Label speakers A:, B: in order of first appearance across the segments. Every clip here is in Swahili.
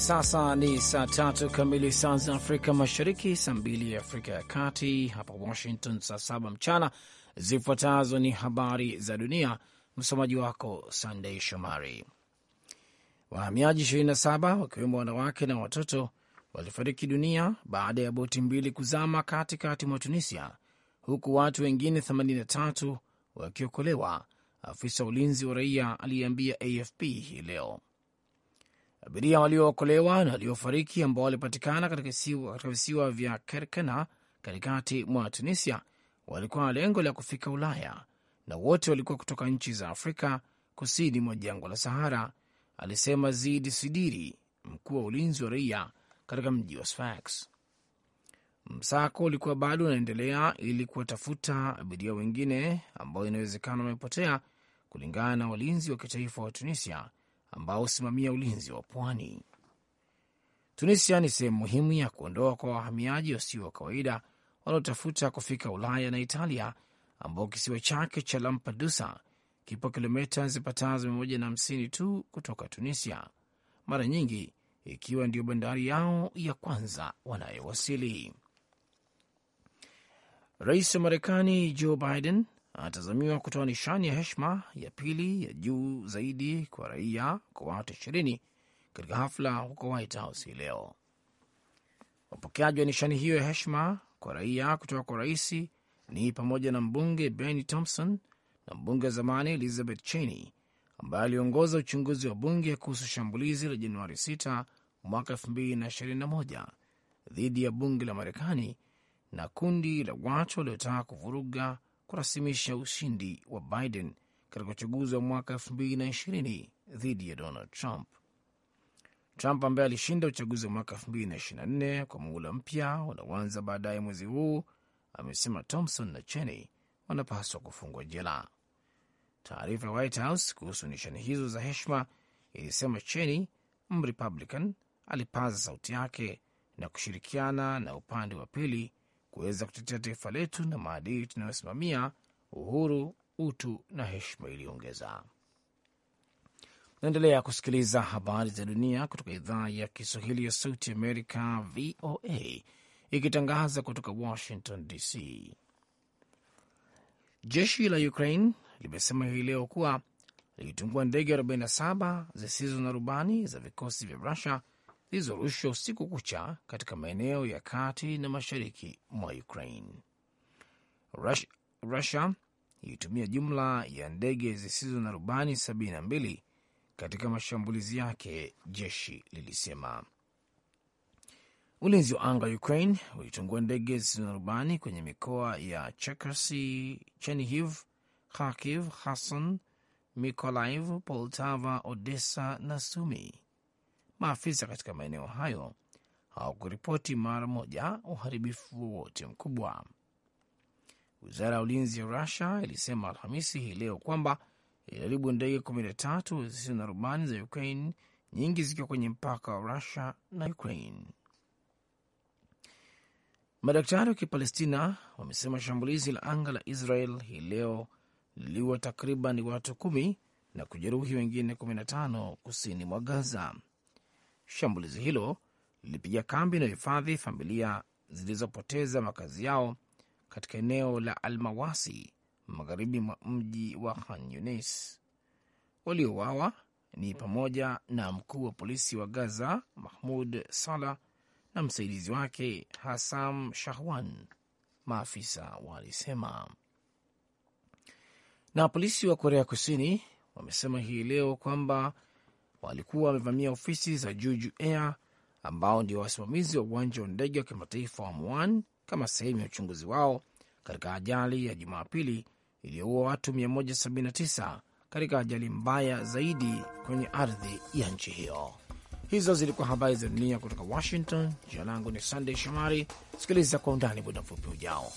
A: sasa ni saa tatu kamili saa za Afrika Mashariki, saa mbili ya Afrika ya Kati, hapa Washington saa saba mchana. Zifuatazo ni habari za dunia, msomaji wako Sandei Shomari. Wahamiaji 27 wakiwemo wanawake na watoto walifariki dunia baada ya boti mbili kuzama katikati mwa Tunisia, huku watu wengine 83 wakiokolewa, afisa ulinzi wa raia aliyeambia AFP hii leo. Abiria waliookolewa na waliofariki ambao walipatikana katika visiwa vya Kerkena katikati mwa Tunisia walikuwa na lengo la kufika Ulaya na wote walikuwa kutoka nchi za Afrika kusini mwa jangwa la Sahara, alisema Zid Sidiri, mkuu wa ulinzi wa raia katika mji wa Sfax. Msako ulikuwa bado unaendelea ili kuwatafuta abiria wengine ambao inawezekana wamepotea, kulingana na walinzi wa kitaifa wa Tunisia ambao husimamia ulinzi wa pwani. Tunisia ni sehemu muhimu ya kuondoa kwa wahamiaji wasio wa kawaida wanaotafuta kufika Ulaya na Italia, ambao kisiwa chake cha Lampedusa kipo kilomita zipatazo hamsini tu kutoka Tunisia, mara nyingi ikiwa ndiyo bandari yao ya kwanza wanayowasili. Rais wa Marekani Joe Biden anatazamiwa kutoa nishani ya heshima ya pili ya juu zaidi kwa raia kwa watu ishirini katika hafla huko White House hii leo. Upokeaji wa nishani hiyo ya heshima kwa raia kutoka kwa rais ni pamoja na mbunge Benny Thompson na mbunge wa zamani Elizabeth Cheney ambaye aliongoza uchunguzi wa bunge kuhusu shambulizi la Januari 6 mwaka 2021 dhidi ya bunge la Marekani na kundi la watu waliotaka kuvuruga kurasimisha ushindi wa Biden katika uchaguzi wa mwaka 2020 dhidi ya Donald Trump. Trump ambaye alishinda uchaguzi wa mwaka 2024 kwa muhula mpya unaoanza baadaye mwezi huu, amesema Thompson na Cheney wanapaswa kufungwa jela. Taarifa ya White House kuhusu nishani hizo za heshima ilisema Cheney, Mrepublican, alipaza sauti yake na kushirikiana na upande wa pili kuweza kutetea taifa letu na maadili tunayosimamia, uhuru, utu na heshima, iliongeza. Naendelea kusikiliza habari za dunia kutoka idhaa ya Kiswahili ya Sauti Amerika, VOA, ikitangaza kutoka Washington DC. Jeshi la Ukraine limesema hii leo kuwa lilitungua ndege 47 zisizo na rubani za vikosi vya Rusia zilizorushwa usiku kucha katika maeneo ya kati na mashariki mwa Ukraine. Rusia Russia ilitumia jumla ya ndege zisizo na rubani 72 katika mashambulizi yake, jeshi lilisema. Ulinzi wa anga wa Ukraine ulitungua ndege zisizo na rubani kwenye mikoa ya Chekersi, Chenihiv, Kharkiv, Kherson, Mikolaiv, Poltava, Odessa na Sumi maafisa katika maeneo hayo hawakuripoti mara moja uharibifu wowote mkubwa. Wizara ya ulinzi ya Rusia ilisema Alhamisi hii leo kwamba iliharibu ndege 13 zisizo na rubani za Ukraine, nyingi zikiwa kwenye mpaka wa Rusia na Ukraine. Madaktari wa Kipalestina wamesema shambulizi la anga la Israel hii leo liliua takriban watu kumi na kujeruhi wengine 15 kusini mwa Gaza. Shambulizi hilo lilipiga kambi hifadhi familia zilizopoteza makazi yao katika eneo la Almawasi, magharibi mwa mji wa Khan Yunis. waliowawa ni pamoja na mkuu wa polisi wa Gaza Mahmud Salah na msaidizi wake Hasam Shahwan, maafisa walisema. Na polisi wa Korea Kusini wamesema hii leo kwamba walikuwa wamevamia ofisi za Juju Air ambao ndio wasimamizi wa uwanja wa ndege wa kimataifa wa Mwan kama sehemu ya uchunguzi wao katika ajali ya Jumapili iliyoua watu 179 katika ajali mbaya zaidi kwenye ardhi ya nchi hiyo. Hizo zilikuwa habari za dunia kutoka Washington. Jina langu ni Sandey Shomari. Sikiliza kwa undani muda mfupi ujao.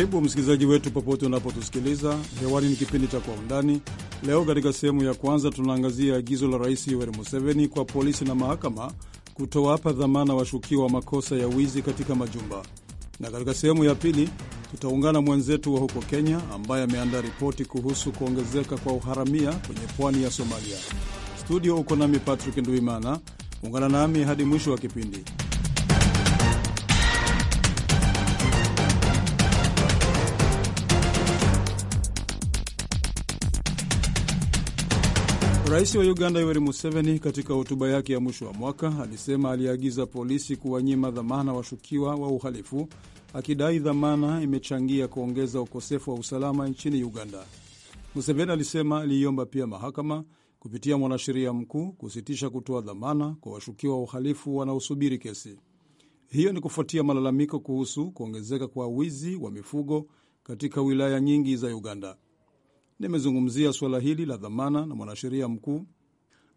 B: Karibu msikilizaji wetu popote unapotusikiliza hewani. Ni kipindi cha Kwa Undani. Leo katika sehemu ya kwanza, tunaangazia agizo la Rais Yoweri Museveni kwa polisi na mahakama kutowapa dhamana washukiwa wa makosa ya wizi katika majumba, na katika sehemu ya pili tutaungana mwenzetu wa huko Kenya ambaye ameandaa ripoti kuhusu kuongezeka kwa uharamia kwenye pwani ya Somalia. Studio uko nami Patrick Nduimana, ungana nami hadi mwisho wa kipindi. Rais wa Uganda Yoweri Museveni katika hotuba yake ya mwisho wa mwaka alisema aliagiza polisi kuwanyima dhamana washukiwa wa uhalifu, akidai dhamana imechangia kuongeza ukosefu wa usalama nchini Uganda. Museveni alisema aliiomba pia mahakama kupitia mwanasheria mkuu kusitisha kutoa dhamana kwa washukiwa wa uhalifu wanaosubiri kesi. Hiyo ni kufuatia malalamiko kuhusu kuongezeka kwa wizi wa mifugo katika wilaya nyingi za Uganda. Nimezungumzia suala hili la dhamana na mwanasheria mkuu,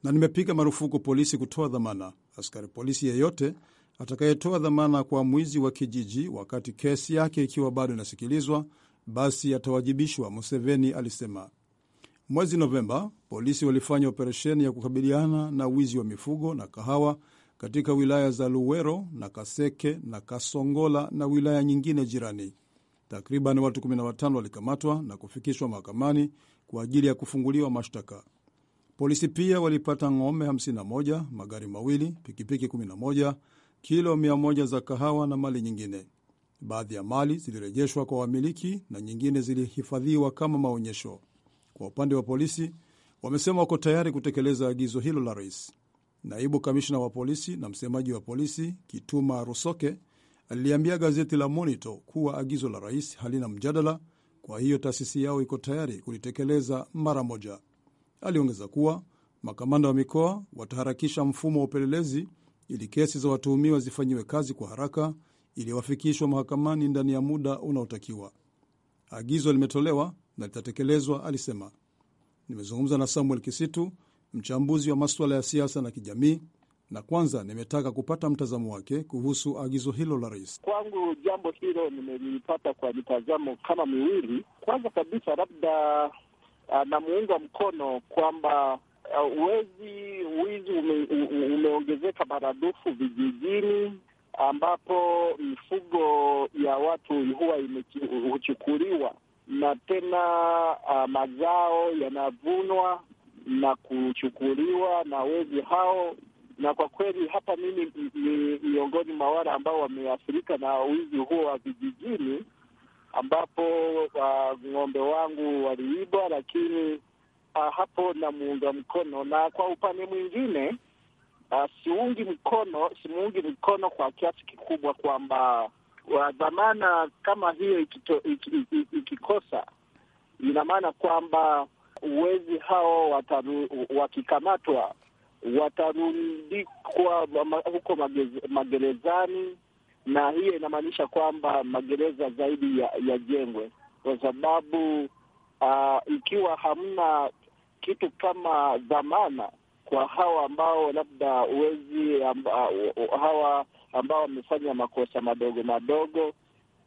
B: na nimepiga marufuku polisi kutoa dhamana. Askari polisi yeyote atakayetoa dhamana kwa mwizi wa kijiji wakati kesi yake ikiwa bado inasikilizwa, basi atawajibishwa, Museveni alisema. Mwezi Novemba, polisi walifanya operesheni ya kukabiliana na wizi wa mifugo na kahawa katika wilaya za Luwero na Kaseke na Kasongola na wilaya nyingine jirani. Takriban watu 15 walikamatwa na kufikishwa mahakamani kwa ajili ya kufunguliwa mashtaka. Polisi pia walipata ng'ombe 51, magari mawili, pikipiki 11, kilo 100 za kahawa na mali nyingine. Baadhi ya mali zilirejeshwa kwa wamiliki na nyingine zilihifadhiwa kama maonyesho. Kwa upande wa polisi, wamesema wako tayari kutekeleza agizo hilo la rais. Naibu kamishna wa polisi na msemaji wa polisi Kituma Rusoke Aliliambia gazeti la Monitor kuwa agizo la rais halina mjadala, kwa hiyo taasisi yao iko tayari kulitekeleza mara moja. Aliongeza kuwa makamanda wa mikoa wataharakisha mfumo wa upelelezi ili kesi za watuhumiwa zifanyiwe kazi kwa haraka ili mahakamani ndani ya muda unaotakiwa. Agizo limetolewa na litatekelezwa, alisema. Nimezungumza na Samuel Kisitu, mchambuzi wa masuala ya siasa na kijamii, na kwanza nimetaka kupata mtazamo wake kuhusu agizo hilo la rais.
C: Kwangu jambo hilo nimelipata kwa mitazamo kama miwili. Kwanza kabisa, labda uh, namuunga mkono kwamba uh, ah, wezi wizi ume, umeongezeka maradufu vijijini ambapo mifugo ya watu huwa huchukuliwa na tena uh, mazao yanavunwa na kuchukuliwa na wezi hao na kwa kweli hapa mimi ni miongoni mwa wale ambao wameathirika na wizi huo wa vijijini, ambapo uh, ng'ombe wangu waliibwa, lakini uh, hapo namuunga mkono, na kwa upande mwingine uh, siungi mkono, simuungi mkono kwa kiasi kikubwa kwamba dhamana kama hiyo ikito, ik, ik, ik, ikikosa ina maana kwamba wezi hao wakikamatwa watarundikwa huko magerezani, na hiyo inamaanisha kwamba magereza zaidi yajengwe ya kwa sababu uh, ikiwa hamna kitu kama dhamana kwa hawa ambao labda wezi amba, hawa ambao wamefanya makosa madogo madogo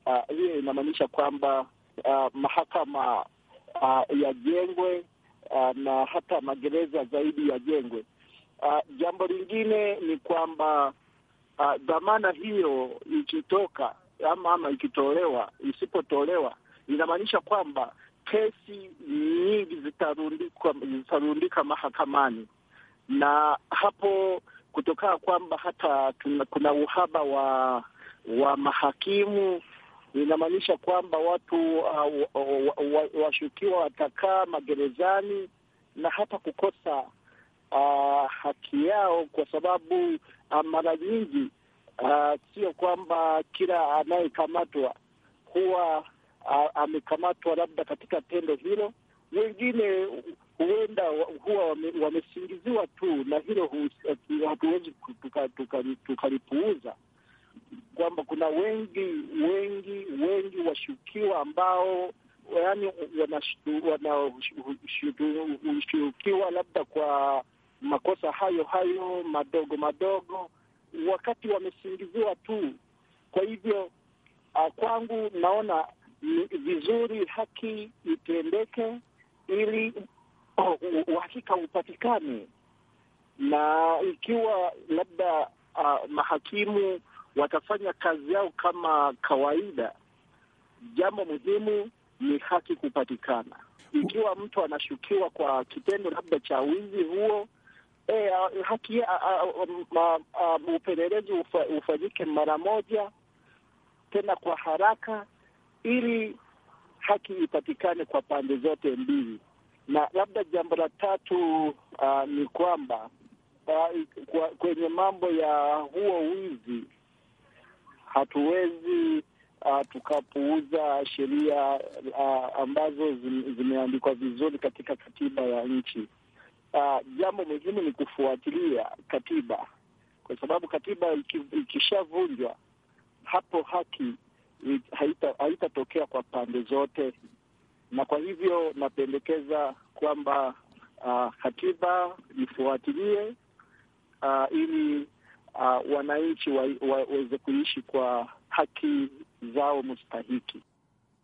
C: uh, hiyo inamaanisha kwamba uh, mahakama uh, yajengwe uh, na hata magereza zaidi yajengwe. Uh, jambo lingine ni kwamba ah, dhamana hiyo ikitoka ama, ama ikitolewa, isipotolewa inamaanisha kwamba kesi nyingi zitarundika, zitarundika mahakamani na hapo kutokana kwamba hata tuna, kuna uhaba wa wa mahakimu inamaanisha kwamba watu washukiwa wa, wa, wa watakaa magerezani na hata kukosa uh, haki yao, kwa sababu uh, mara nyingi uh, sio kwamba kila anayekamatwa huwa uh, amekamatwa labda katika tendo hilo. Wengine huenda huwa wamesingiziwa wame tu, na hilo hatuwezi tukalipuuza kwamba kuna wengi wengi wengi washukiwa ambao yani wanashukiwa labda kwa makosa hayo hayo madogo madogo, wakati wamesingiziwa tu. Kwa hivyo uh, kwangu naona ni vizuri haki itendeke ili oh, uhakika upatikane, na ikiwa labda uh, mahakimu watafanya kazi yao kama kawaida, jambo muhimu ni haki kupatikana. Ikiwa mtu anashukiwa kwa kitendo labda cha wizi huo e, haki ah, ah, um, upelelezi ufanyike mara moja tena kwa haraka, ili haki ipatikane kwa pande zote mbili. Na labda jambo la tatu uh, ni kwamba uh, kwenye mambo ya huo wizi hatuwezi uh, tukapuuza sheria uh, ambazo zimeandikwa vizuri katika katiba ya nchi. Uh, jambo muhimu ni kufuatilia katiba, kwa sababu katiba ikishavunjwa iki hapo haki haitatokea haita kwa pande zote, na kwa hivyo napendekeza kwamba uh, katiba ifuatilie uh, ili uh, wananchi waweze wa, kuishi kwa haki zao mustahiki.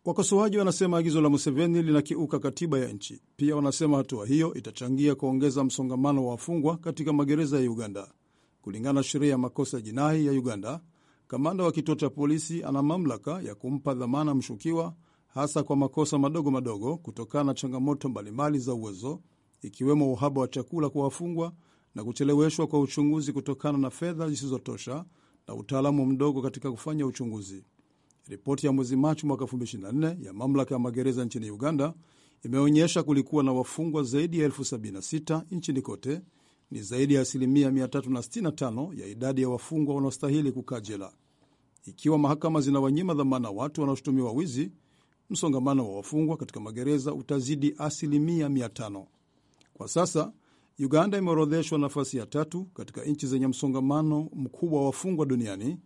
B: Wakosoaji wanasema agizo la Museveni linakiuka katiba ya nchi. Pia wanasema hatua hiyo itachangia kuongeza msongamano wa wafungwa katika magereza ya Uganda. Kulingana na sheria ya makosa ya jinai ya Uganda, kamanda wa kituo cha polisi ana mamlaka ya kumpa dhamana mshukiwa, hasa kwa makosa madogo madogo, kutokana na changamoto mbalimbali za uwezo, ikiwemo uhaba wa chakula kwa wafungwa na kucheleweshwa kwa uchunguzi kutokana na fedha zisizotosha na utaalamu mdogo katika kufanya uchunguzi. Ripoti ya mwezi Machi mwaka 2024 ya mamlaka ya magereza nchini Uganda imeonyesha kulikuwa na wafungwa zaidi ya elfu 76 nchini kote. Ni zaidi ya asilimia 365 ya idadi ya wafungwa wanaostahili kukaa jela. Ikiwa mahakama zinawanyima dhamana watu wanaoshutumiwa wizi, msongamano wa wafungwa katika magereza utazidi asilimia 500. Kwa sasa Uganda imeorodheshwa nafasi ya tatu katika nchi zenye msongamano mkubwa wa wafungwa duniani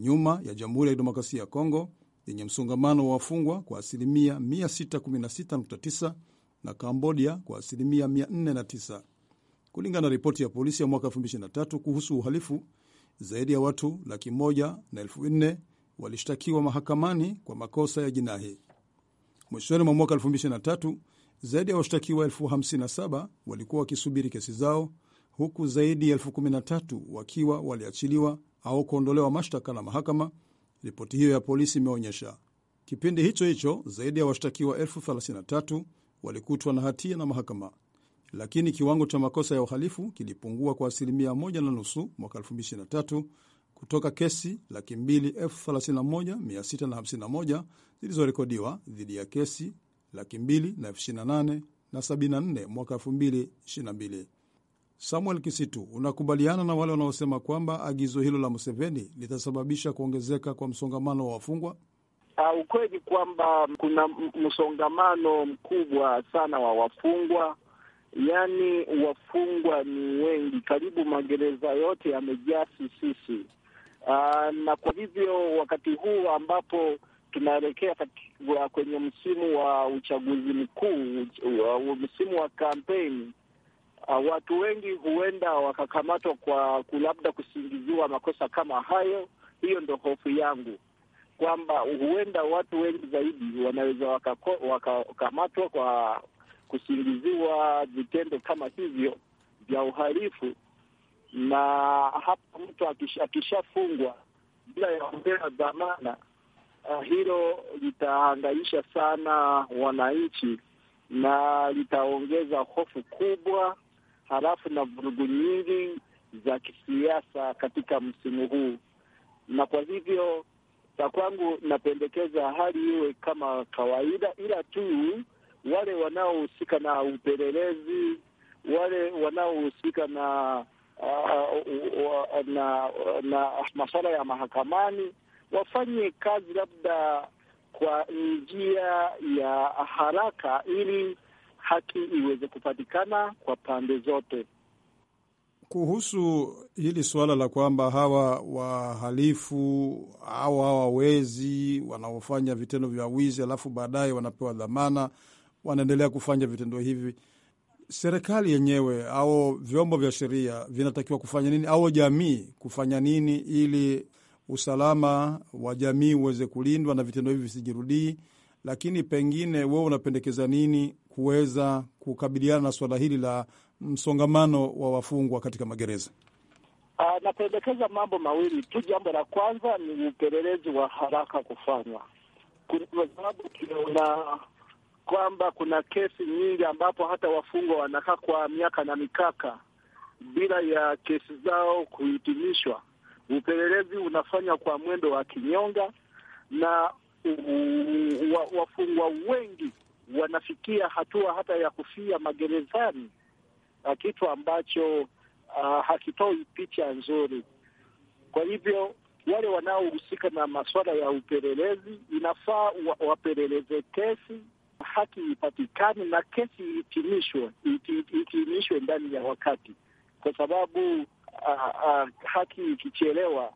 B: nyuma ya Jamhuri ya Kidemokrasia ya Kongo yenye msongamano wa wafungwa kwa asilimia 616.9 na Kambodia kwa asilimia 409, kulingana na ripoti ya polisi ya mwaka 2023 kuhusu uhalifu. Zaidi ya watu laki moja na elfu nne walishtakiwa mahakamani kwa makosa ya jinai. Mwishoni mwa mwaka 2023 zaidi ya washtakiwa elfu walikuwa wakisubiri kesi zao huku zaidi ya elfu wakiwa waliachiliwa au kuondolewa mashtaka na mahakama, ripoti hiyo ya polisi imeonyesha. Kipindi hicho hicho zaidi ya washtakiwa elfu 33 walikutwa na hatia na mahakama, lakini kiwango cha makosa ya uhalifu kilipungua kwa asilimia moja na nusu mwaka 2023 kutoka kesi laki mbili elfu zilizorekodiwa dhidi ya kesi laki mbili na elfu 28 na 74 mwaka 2022. Samuel Kisitu, unakubaliana na wale wanaosema kwamba agizo hilo la Museveni litasababisha kuongezeka kwa msongamano wa wafungwa?
C: Uh, ukweli kwamba kuna msongamano mkubwa sana wa wafungwa, yaani wafungwa ni wengi, karibu magereza yote yamejaa sisisi. Uh, ah, na kwa hivyo wakati huu ambapo tunaelekea kwenye msimu wa uchaguzi mkuu, msimu wa kampeni Uh, watu wengi huenda wakakamatwa kwa labda kusingiziwa makosa kama hayo. Hiyo ndo hofu yangu kwamba huenda watu wengi zaidi wanaweza wakakamatwa waka kwa kusingiziwa vitendo kama hivyo vya uhalifu, na hapa mtu akishafungwa bila ya kupewa dhamana uh, hilo litahangaisha sana wananchi na litaongeza hofu kubwa halafu na vurugu nyingi za kisiasa katika msimu huu, na kwa hivyo kwa kwangu napendekeza hali iwe kama kawaida, ila tu wale wanaohusika na upelelezi, wale wanaohusika na uh, na na masuala ya mahakamani wafanye kazi labda kwa njia ya haraka ili haki iweze kupatikana kwa pande zote.
B: Kuhusu hili suala la kwamba hawa wahalifu au hawa wezi wanaofanya vitendo vya wizi alafu baadaye wanapewa dhamana, wanaendelea kufanya vitendo hivi, serikali yenyewe au vyombo vya sheria vinatakiwa kufanya nini, au jamii kufanya nini ili usalama wa jamii uweze kulindwa na vitendo hivi visijirudii? Lakini pengine wewe unapendekeza nini kuweza kukabiliana na suala hili la msongamano wa wafungwa katika magereza?
C: Uh, napendekeza mambo mawili tu. Jambo la kwanza ni upelelezi wa haraka kufanywa, kwa sababu tunaona kwamba kuna kesi nyingi ambapo hata wafungwa wanakaa kwa miaka na mikaka bila ya kesi zao kuhitimishwa. Upelelezi unafanywa kwa mwendo wa kinyonga na wafungwa wengi wanafikia hatua hata ya kufia magerezani, kitu ambacho uh, hakitoi picha nzuri. Kwa hivyo wale wanaohusika na masuala ya upelelezi inafaa wapeleleze kesi, haki ipatikane na kesi itimishwe, itimishwe ndani ya wakati, kwa sababu uh, uh, haki ikichelewa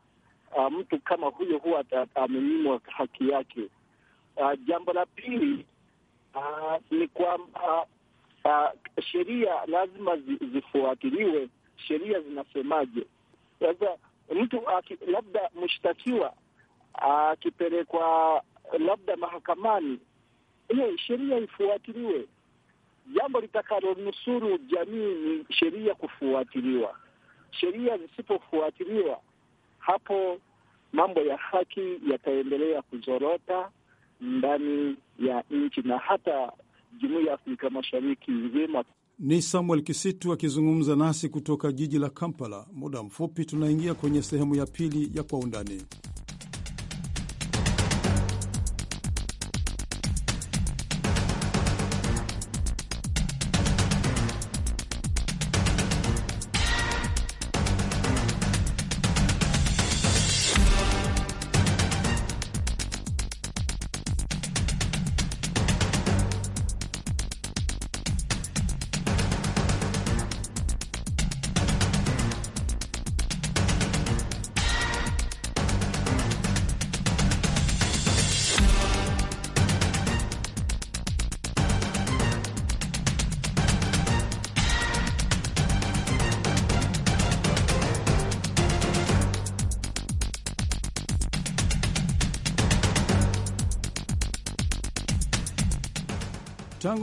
C: uh, mtu kama huyo huwa amenyimwa haki yake. Uh, jambo la pili uh, ni kwamba uh, sheria lazima zifuatiliwe. Sheria zinasemaje? Sasa mtu aki, labda mshtakiwa akipelekwa uh, labda mahakamani, hey, eh, sheria ifuatiliwe. Jambo litakalonusuru jamii ni sheria kufuatiliwa. Sheria zisipofuatiliwa, hapo mambo ya haki yataendelea kuzorota ndani ya nchi na hata jumuiya ya Afrika Mashariki nzima.
B: Ni Samuel Kisitu akizungumza nasi kutoka jiji la Kampala. Muda mfupi tunaingia kwenye sehemu ya pili ya Kwa Undani.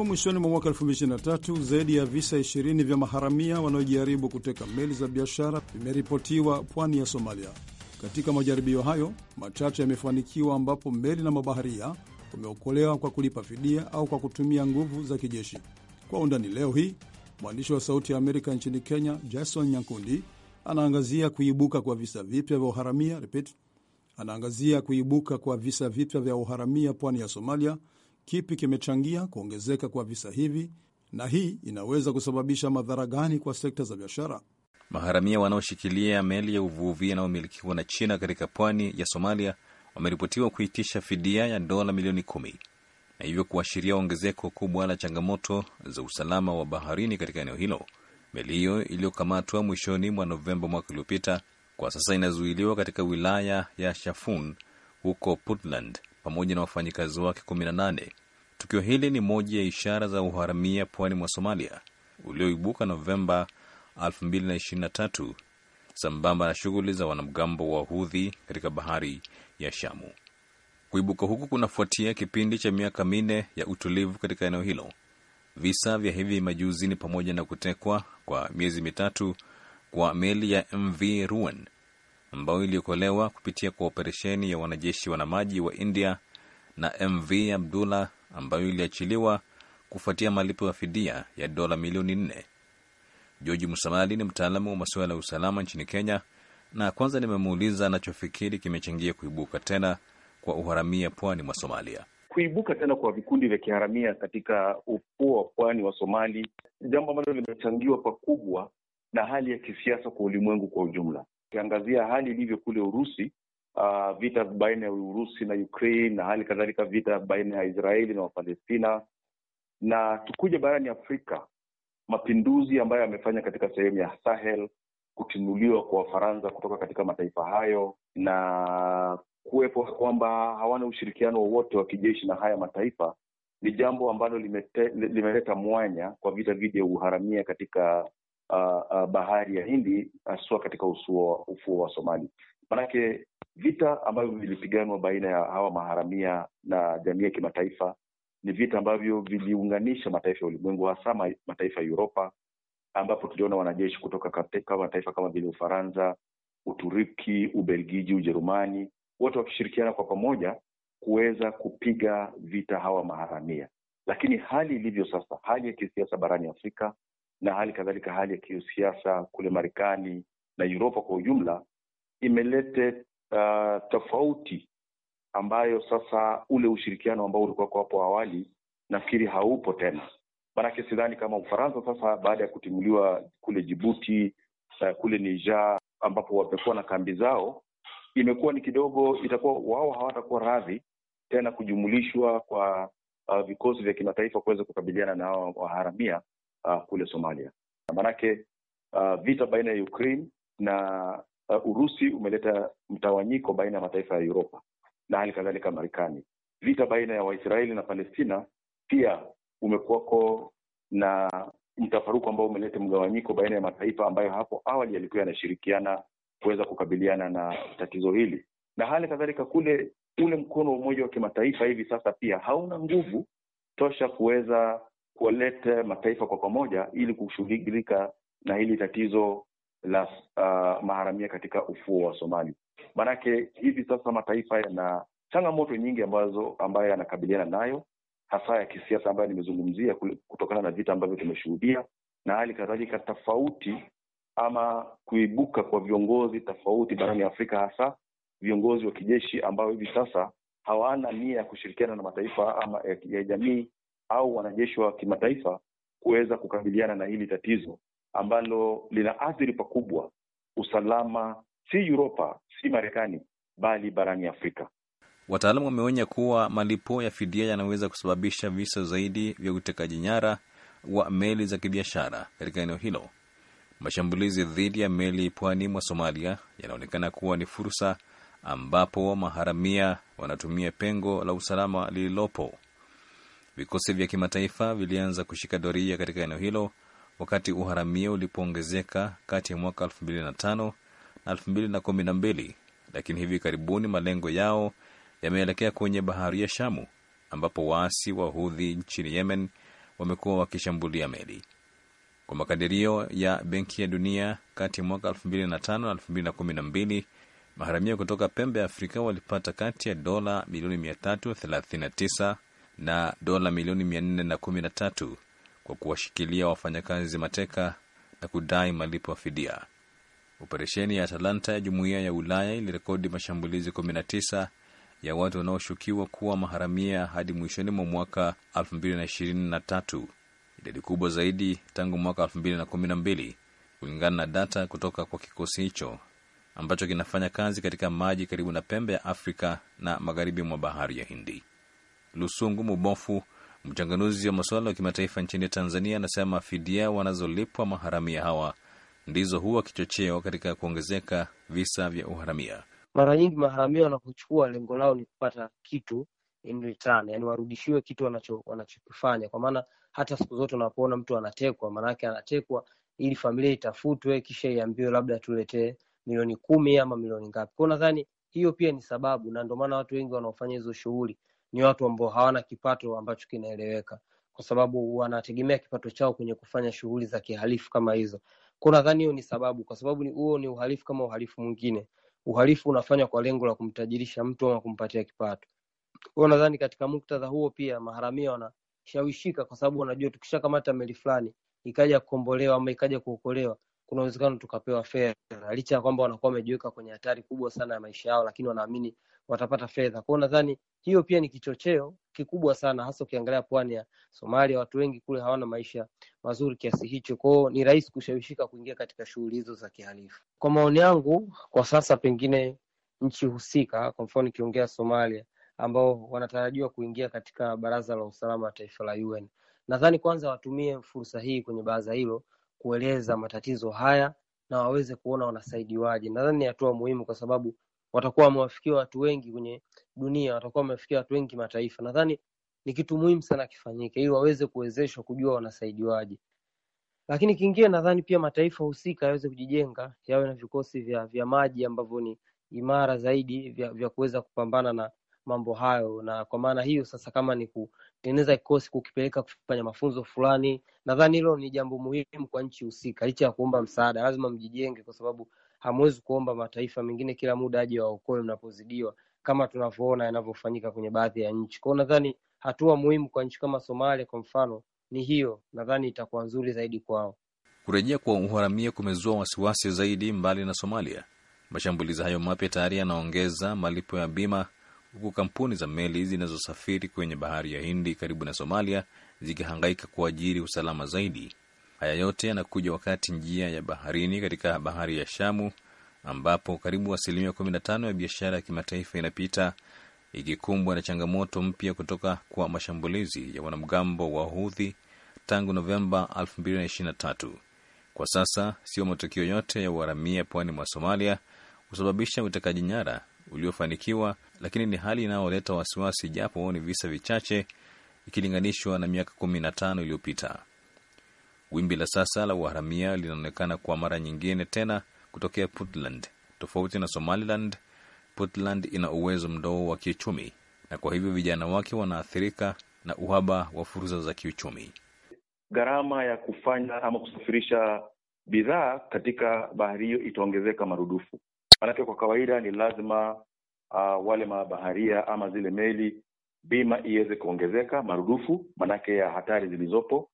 B: mwishoni mwa mwaka 2023 zaidi ya visa 20 vya maharamia wanaojaribu kuteka meli za biashara vimeripotiwa pwani ya Somalia. Katika majaribio hayo machache yamefanikiwa, ambapo meli na mabaharia wameokolewa kwa kulipa fidia au kwa kutumia nguvu za kijeshi. Kwa undani leo hii, mwandishi wa Sauti ya Amerika nchini Kenya, Jason Nyankundi, anaangazia kuibuka kwa visa vipya vya uharamia repeat, anaangazia kuibuka kwa visa vipya vya uharamia pwani ya Somalia kipi kimechangia kuongezeka kwa visa hivi na hii inaweza kusababisha madhara gani kwa sekta za biashara?
D: Maharamia wanaoshikilia meli ya uvuvi inayomilikiwa na China katika pwani ya Somalia wameripotiwa kuitisha fidia ya dola milioni kumi na hivyo kuashiria ongezeko kubwa la changamoto za usalama wa baharini katika eneo hilo. Meli hiyo iliyokamatwa mwishoni mwa Novemba mwaka uliopita, kwa sasa inazuiliwa katika wilaya ya Shafun huko Puntland pamoja na wafanyikazi wake 18. Tukio hili ni moja ya ishara za uharamia pwani mwa Somalia ulioibuka Novemba 2023 sambamba na shughuli za wanamgambo wa Hudhi katika bahari ya Shamu. Kuibuka huku kunafuatia kipindi cha miaka minne ya utulivu katika eneo hilo. Visa vya hivi majuzi ni pamoja na kutekwa kwa miezi mitatu kwa meli ya MV Ruan ambayo iliokolewa kupitia kwa operesheni ya wanajeshi wanamaji wa India na MV Abdullah ambayo iliachiliwa kufuatia malipo ya fidia ya dola milioni nne. George Musamali ni mtaalamu wa masuala ya usalama nchini Kenya, na kwanza nimemuuliza anachofikiri kimechangia kuibuka tena kwa uharamia pwani mwa Somalia.
E: Kuibuka tena kwa vikundi vya kiharamia katika ufuo wa pwani wa Somali, jambo ambalo limechangiwa pakubwa na hali ya kisiasa kwa ulimwengu kwa ujumla. Ukiangazia hali ilivyo kule Urusi, uh, vita baina ya Urusi na Ukraine na hali kadhalika vita baina ya Israeli na Wapalestina, na tukuja barani Afrika, mapinduzi ambayo yamefanya katika sehemu ya Sahel, kutimuliwa kwa Wafaransa kutoka katika mataifa hayo na kuwepo kwamba hawana ushirikiano wowote wa kijeshi na haya mataifa ni jambo ambalo limeleta mwanya kwa vita dhidi ya uharamia katika uh, uh, bahari ya Hindi haswa katika usuo, ufuo wa Somali. Manake vita ambavyo vilipiganwa baina ya hawa maharamia na jamii ya kimataifa ni vita ambavyo viliunganisha mataifa ya ulimwengu, hasa mataifa ya Uropa, ambapo tuliona wanajeshi kutoka katika mataifa kama vile Ufaransa, Uturuki, Ubelgiji, Ujerumani, wote wakishirikiana kwa pamoja kuweza kupiga vita hawa maharamia. Lakini hali ilivyo sasa, hali ya kisiasa barani Afrika na hali kadhalika hali ya kisiasa kule Marekani na Uropa kwa ujumla imelete uh, tofauti ambayo sasa ule ushirikiano ambao ulikuwa kwa hapo awali nafikiri haupo tena. Maanake sidhani kama Ufaransa sasa baada ya kutimuliwa kule Jibuti uh, kule Niger ambapo wamekuwa na kambi zao, imekuwa ni kidogo, itakuwa wao hawatakuwa radhi tena kujumulishwa kwa uh, vikosi vya kimataifa kuweza kukabiliana na hao waharamia uh, kule Somalia. Maanake uh, vita baina ya Ukraine na uh, Urusi umeleta mtawanyiko baina ya mataifa ya Uropa na hali kadhalika Marekani. Vita baina ya Waisraeli na Palestina pia umekuwako na mtafaruku ambao umeleta mgawanyiko baina ya mataifa ambayo hapo awali yalikuwa yanashirikiana kuweza kukabiliana na tatizo hili, na hali kadhalika kule ule mkono wa Umoja wa Kimataifa hivi sasa pia hauna nguvu tosha kuweza kuwaleta mataifa kwa pamoja ili kushughulika na hili tatizo la uh, maharamia katika ufuo wa Somali. Maanake hivi sasa mataifa yana changamoto nyingi ambazo ambayo yanakabiliana nayo hasa ya kisiasa ambayo nimezungumzia kutokana na vita ambavyo tumeshuhudia na hali kadhalika tofauti ama kuibuka kwa viongozi tofauti barani Afrika, hasa viongozi wa kijeshi ambao hivi sasa hawana nia ya kushirikiana na mataifa ama ya, ya jamii au wanajeshi wa kimataifa kuweza kukabiliana na hili tatizo ambalo lina athiri pakubwa usalama si Uropa si Marekani bali barani Afrika.
D: Wataalamu wameonya kuwa malipo ya fidia yanaweza kusababisha visa zaidi vya utekaji nyara wa meli za kibiashara katika eneo hilo. Mashambulizi dhidi ya meli pwani mwa Somalia yanaonekana kuwa ni fursa ambapo maharamia wanatumia pengo la usalama lililopo Vikosi vya kimataifa vilianza kushika doria katika eneo hilo wakati uharamia ulipoongezeka kati ya mwaka 2005 na 2012, lakini hivi karibuni malengo yao yameelekea kwenye bahari ya Shamu ambapo waasi wa Hudhi nchini Yemen wamekuwa wakishambulia meli. Kwa makadirio ya Benki ya Dunia, kati ya mwaka 2005 na 2012 maharamia kutoka pembe ya Afrika walipata kati ya dola milioni 339 na dola milioni 413 kwa kuwashikilia wafanyakazi mateka na kudai malipo ya fidia. Operesheni ya Atalanta ya Jumuiya ya Ulaya ilirekodi mashambulizi 19 ya watu wanaoshukiwa kuwa maharamia hadi mwishoni mwa mwaka 2023, idadi kubwa zaidi tangu mwaka 2012 kulingana na data kutoka kwa kikosi hicho ambacho kinafanya kazi katika maji karibu na pembe ya Afrika na magharibi mwa bahari ya Hindi. Lusungu Mubofu, mchanganuzi wa masuala ya kimataifa nchini Tanzania, anasema fidia wanazolipwa maharamia hawa ndizo huwa kichocheo katika kuongezeka visa vya uharamia.
F: Mara nyingi maharamia wanapochukua, lengo lao ni kupata kitu in return, yani warudishiwe kitu wanacho wanachokifanya, kwa maana hata siku zote unapoona mtu anatekwa, maanake anatekwa ili familia itafutwe, kisha iambiwe labda tuletee milioni kumi ama milioni ngapi. Kwao nadhani hiyo pia ni sababu, na ndio maana watu wengi wanaofanya hizo shughuli ni watu ambao hawana kipato ambacho kinaeleweka, kwa sababu wanategemea kipato chao kwenye kufanya shughuli za kihalifu kama hizo. Kwa nadhani hiyo ni sababu, kwa sababu huo ni uhalifu kama uhalifu mwingine. Uhalifu unafanywa kwa lengo la kumtajirisha mtu ama kumpatia kipato. Kwa nadhani katika muktadha huo pia maharamia wanashawishika, kwa sababu wanajua tukishakamata meli fulani ikaja kukombolewa ama ikaja kuokolewa kuna uwezekano tukapewa fedha, licha ya kwamba wanakuwa wamejiweka kwenye hatari kubwa sana ya maisha yao, lakini wanaamini watapata fedha. Kwao nadhani hiyo pia ni kichocheo kikubwa sana, hasa ukiangalia pwani ya Somalia, watu wengi kule hawana maisha mazuri kiasi hicho, kwao ni rahisi kushawishika kuingia katika shughuli hizo za kihalifu. Kwa maoni yangu, kwa sasa pengine nchi husika, kwa mfano nikiongea Somalia, ambao wanatarajiwa kuingia katika baraza la usalama wa taifa la UN, nadhani kwanza watumie fursa hii kwenye baraza hilo kueleza matatizo haya na waweze kuona wanasaidiwaje. Nadhani ni hatua muhimu, kwa sababu watakuwa wamewafikia watu wengi kwenye dunia, watakuwa wamewafikia watu wengi mataifa. Nadhani ni kitu muhimu sana kifanyike, ili waweze kuwezeshwa kujua wanasaidiwaje. Lakini kingine, nadhani pia mataifa husika yaweze kujijenga, yawe na vikosi vya, vya maji ambavyo ni imara zaidi vya, vya kuweza kupambana na mambo hayo, na kwa maana hiyo sasa, kama ni ku, kutengeneza kikosi kukipeleka kufanya mafunzo fulani. Nadhani hilo ni jambo muhimu kwa nchi husika, licha ya kuomba msaada, lazima mjijenge, kwa sababu hamwezi kuomba mataifa mengine kila muda aje waokoe mnapozidiwa, kama tunavyoona yanavyofanyika kwenye baadhi ya nchi. Kwao nadhani hatua muhimu kwa nchi kama Somalia kwa mfano ni hiyo, nadhani itakuwa nzuri zaidi kwao.
D: Kurejea kwa uharamia kumezua wasiwasi zaidi mbali na Somalia. Mashambulizi hayo mapya tayari yanaongeza malipo ya bima huku kampuni za meli zinazosafiri kwenye bahari ya Hindi karibu na Somalia zikihangaika kuajiri usalama zaidi. Haya yote yanakuja wakati njia ya baharini katika bahari ya Shamu, ambapo karibu asilimia 15 ya biashara ya kimataifa inapita, ikikumbwa na changamoto mpya kutoka kwa mashambulizi ya wanamgambo wa Houthi tangu Novemba 2023. Kwa sasa sio matukio yote ya uharamia pwani mwa Somalia husababisha utekaji nyara uliofanikiwa, lakini ni hali inayoleta wasiwasi, japo ni visa vichache ikilinganishwa na miaka kumi na tano iliyopita. Wimbi la sasa la uharamia linaonekana kwa mara nyingine tena kutokea Puntland. Tofauti na Somaliland, Puntland ina uwezo mdogo wa kiuchumi, na kwa hivyo vijana wake wanaathirika na uhaba wa fursa za kiuchumi.
E: Gharama ya kufanya ama kusafirisha bidhaa katika bahari hiyo itaongezeka marudufu. Maanake kwa kawaida ni lazima uh, wale mabaharia ama zile meli bima iweze kuongezeka marudufu, maanake ya hatari zilizopo,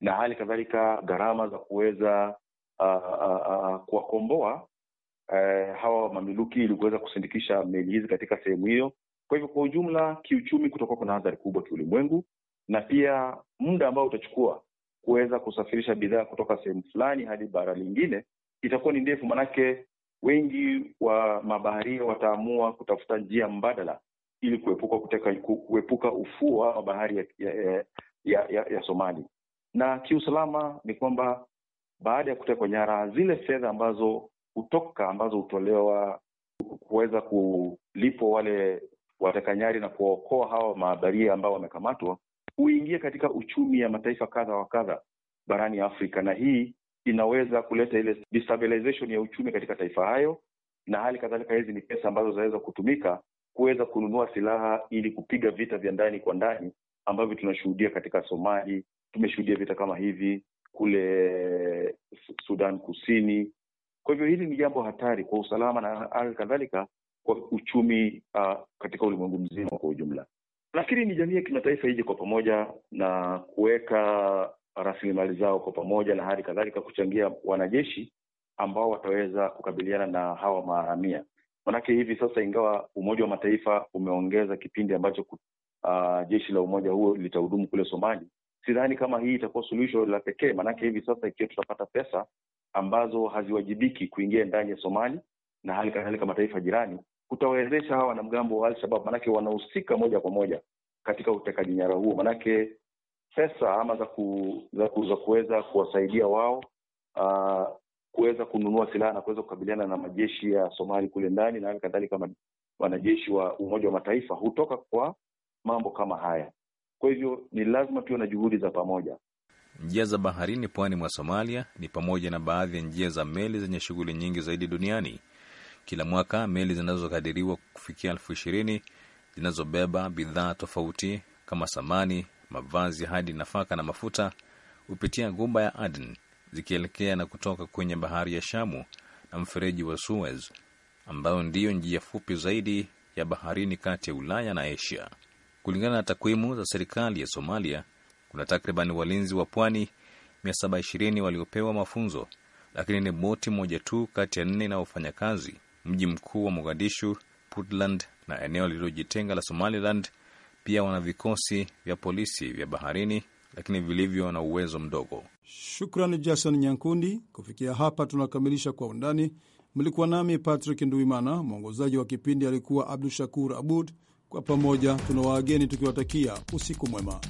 E: na hali kadhalika gharama za kuweza uh, uh, uh, kuwakomboa uh, hawa mamiluki ili kuweza kusindikisha meli hizi katika sehemu hiyo. Kwa hivyo, kwa ujumla, kiuchumi kutakuwa kuna athari kubwa kiulimwengu, na pia muda ambao utachukua kuweza kusafirisha bidhaa kutoka sehemu fulani hadi bara lingine itakuwa ni ndefu, maanake wengi wa mabaharia wataamua kutafuta njia mbadala ili kuepuka kuteka, kuepuka ufuo wa bahari ya, ya, ya, ya, ya Somali. Na kiusalama ni kwamba baada ya kutekwa nyara, zile fedha ambazo hutoka ambazo hutolewa kuweza kulipwa wale wateka nyari na kuwaokoa hawa mabaharia ambao wamekamatwa huingia katika uchumi ya mataifa kadha wa kadha barani Afrika, na hii inaweza kuleta ile destabilization ya uchumi katika taifa hayo, na hali kadhalika hizi ni pesa ambazo zinaweza kutumika kuweza kununua silaha ili kupiga vita vya ndani kwa ndani ambavyo tunashuhudia katika Somali. Tumeshuhudia vita kama hivi kule Sudan Kusini. Kwa hivyo hili ni jambo hatari kwa usalama na hali kadhalika kwa uchumi uh, katika ulimwengu mzima kwa ujumla. Nafikiri ni jamii ya kimataifa ije kwa pamoja na kuweka rasilimali zao kwa pamoja na hali kadhalika kuchangia wanajeshi ambao wataweza kukabiliana na hawa maharamia. Manake hivi sasa, ingawa Umoja wa Mataifa umeongeza kipindi ambacho uh, jeshi la umoja huo litahudumu kule Somali, sidhani kama hii itakuwa suluhisho la pekee. Manake hivi sasa, ikiwa tutapata pesa ambazo haziwajibiki kuingia ndani ya Somali na hali kadhalika mataifa jirani, kutawezesha hawa wanamgambo wa Alshabab, manake wanahusika moja kwa moja katika utekaji nyara huo, manake pesa ama za, ku, za, ku, za kuweza kuwasaidia wao uh, kuweza kununua silaha na kuweza kukabiliana na majeshi ya Somali kule ndani na hali kadhalika wanajeshi wa Umoja wa Mataifa hutoka kwa mambo kama haya. Kwa hivyo ni lazima tuwe na juhudi za pamoja.
D: Njia za baharini pwani mwa Somalia ni pamoja na baadhi ya njia za meli zenye shughuli nyingi zaidi duniani. Kila mwaka meli zinazokadiriwa kufikia elfu ishirini zinazobeba bidhaa tofauti kama samani, mavazi hadi nafaka na mafuta hupitia ghuba ya Aden zikielekea na kutoka kwenye bahari ya Shamu na mfereji wa Suez ambayo ndiyo njia fupi zaidi ya baharini kati ya Ulaya na Asia. Kulingana na takwimu za serikali ya Somalia, kuna takriban walinzi wa pwani 720 waliopewa mafunzo, lakini ni boti moja tu kati ya nne inayofanya kazi. Mji mkuu wa Mogadishu, Puntland na eneo lililojitenga la Somaliland pia wana vikosi vya polisi vya baharini, lakini vilivyo na uwezo mdogo. Shukrani
B: Jason Nyankundi. Kufikia hapa tunakamilisha Kwa Undani. Mlikuwa nami Patrick Nduimana, mwongozaji wa kipindi alikuwa Abdu Shakur Abud. Kwa pamoja tuna waageni tukiwatakia usiku mwema.